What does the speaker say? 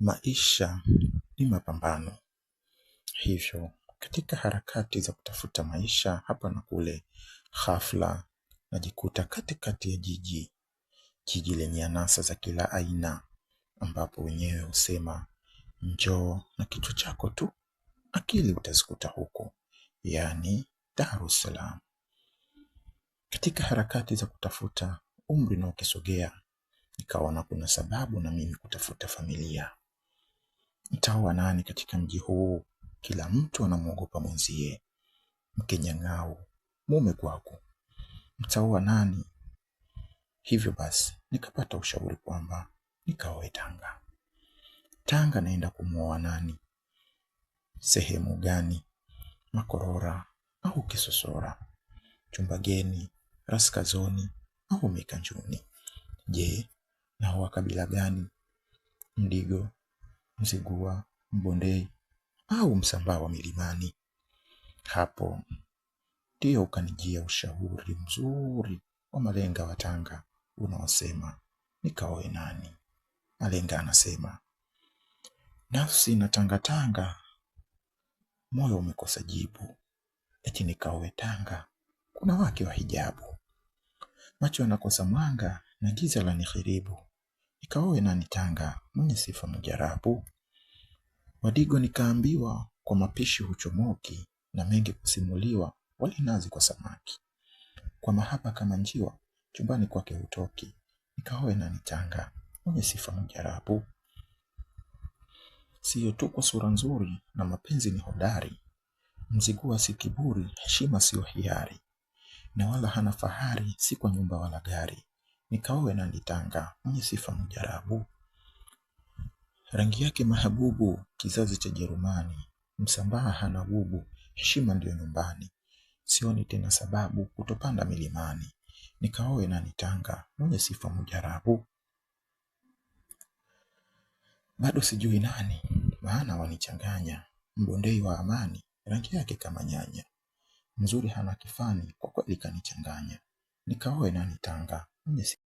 Maisha ni mapambano, hivyo katika harakati za kutafuta maisha hapa na kule, ghafla najikuta katikati ya jiji, jiji lenye anasa za kila aina, ambapo wenyewe husema njoo na kichwa chako tu, akili utazikuta huko, yaani Dar es Salaam. Katika harakati za kutafuta, umri na ukisogea, nikaona kuna sababu na mimi kutafuta familia. Mtawa nani katika mji huu? Kila mtu anamwogopa mwenzie. Mkenya ng'au, mume kwako, mtaoa nani? Hivyo basi nikapata ushauri kwamba nikaoe Tanga. Tanga naenda kumwoa nani? Sehemu gani? Makorora au Kisosora? Chumbageni, Raskazoni au Mikanjuni? Je, naoa kabila gani? Mdigo, Mzigua, Mbondei au Msambaa wa milimani. Hapo ndiyo ukanijia ushauri mzuri wa Malenga wa Tanga unaosema nikaoe nani? Malenga anasema nafsi na tangatanga, moyo umekosa jibu, eti nikaoe Tanga kuna wake wa hijabu, macho yanakosa mwanga na giza la nihiribu, ikawa inanitanga mwenye sifa mujarabu. Wadigo nikaambiwa kwa mapishi huchomoki na mengi kusimuliwa, wali nazi kwa samaki, kwa mahaba kama njiwa chumbani kwake hutoki, nikaoe na nitanga mwenye sifa mjarabu. Siyo tu kwa sura nzuri na mapenzi ni hodari, mzigua si kiburi, heshima sio hiari, na wala hana fahari, si kwa nyumba wala gari nikaowe na nitanga mwenye sifa mjarabu, rangi yake mahabubu, kizazi cha Jerumani, msambaha hana gugu, heshima ndiyo nyumbani, sioni tena sababu kutopanda milimani, nikaowe na nitanga mwenye sifa mjarabu. Bado sijui nani, maana wanichanganya, mbondei wa amani, rangi yake kama nyanya, mzuri hana kifani, kwa kweli kanichanganya, nikaowe na nitanga です